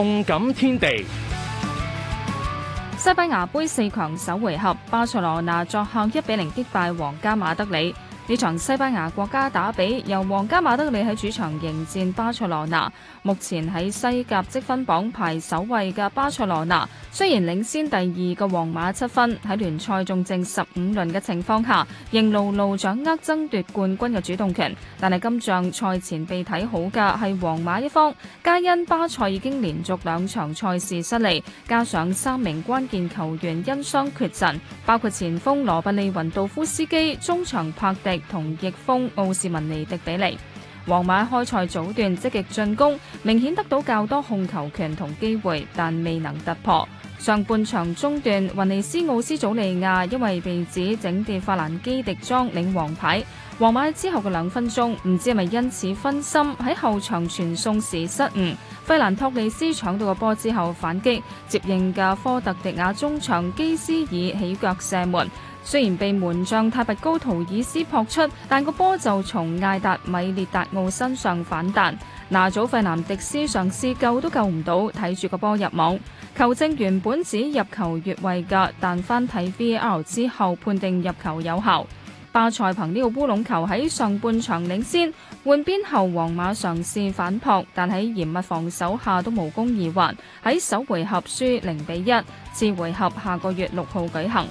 動感天地，西班牙盃四強首回合，巴塞羅那作客一比零擊敗皇家馬德里。呢場西班牙國家打比由皇家馬德里喺主場迎戰巴塞羅那。目前喺西甲積分榜排首位嘅巴塞羅那，雖然領先第二個皇馬七分，喺聯賽仲剩十五輪嘅情況下，仍牢牢掌握爭奪冠軍嘅主動權。但係今仗賽前被睇好嘅係皇馬一方，皆因巴塞已經連續兩場賽事失利，加上三名關鍵球員因傷缺陣，包括前鋒羅伯利雲杜夫斯基、中場柏迪。同逆風奧斯文尼迪比利，皇馬開賽早段積極進攻，明顯得到較多控球權同機會，但未能突破。上半場中段，雲尼斯奧斯祖利亞因為被指整跌法蘭基迪，莊領黃牌。皇馬之後嘅兩分鐘，唔知係咪因此分心喺後場傳送時失誤，費蘭托利斯搶到個波之後反擊，接應嘅科特迪亞中場基斯爾起腳射門。雖然被門將泰拔高圖爾斯撲出，但個波就從艾達米列達奧身上反彈。拿祖費南迪斯嘗試救都救唔到，睇住個波入網。球證原本指入球越位嘅，但翻睇 VAR 之後判定入球有效。巴塞憑呢個烏龍球喺上半場領先，換邊後皇馬嘗試反撲，但喺嚴密防守下都無功而還。喺首回合輸零比一，次回合下個月六號舉行。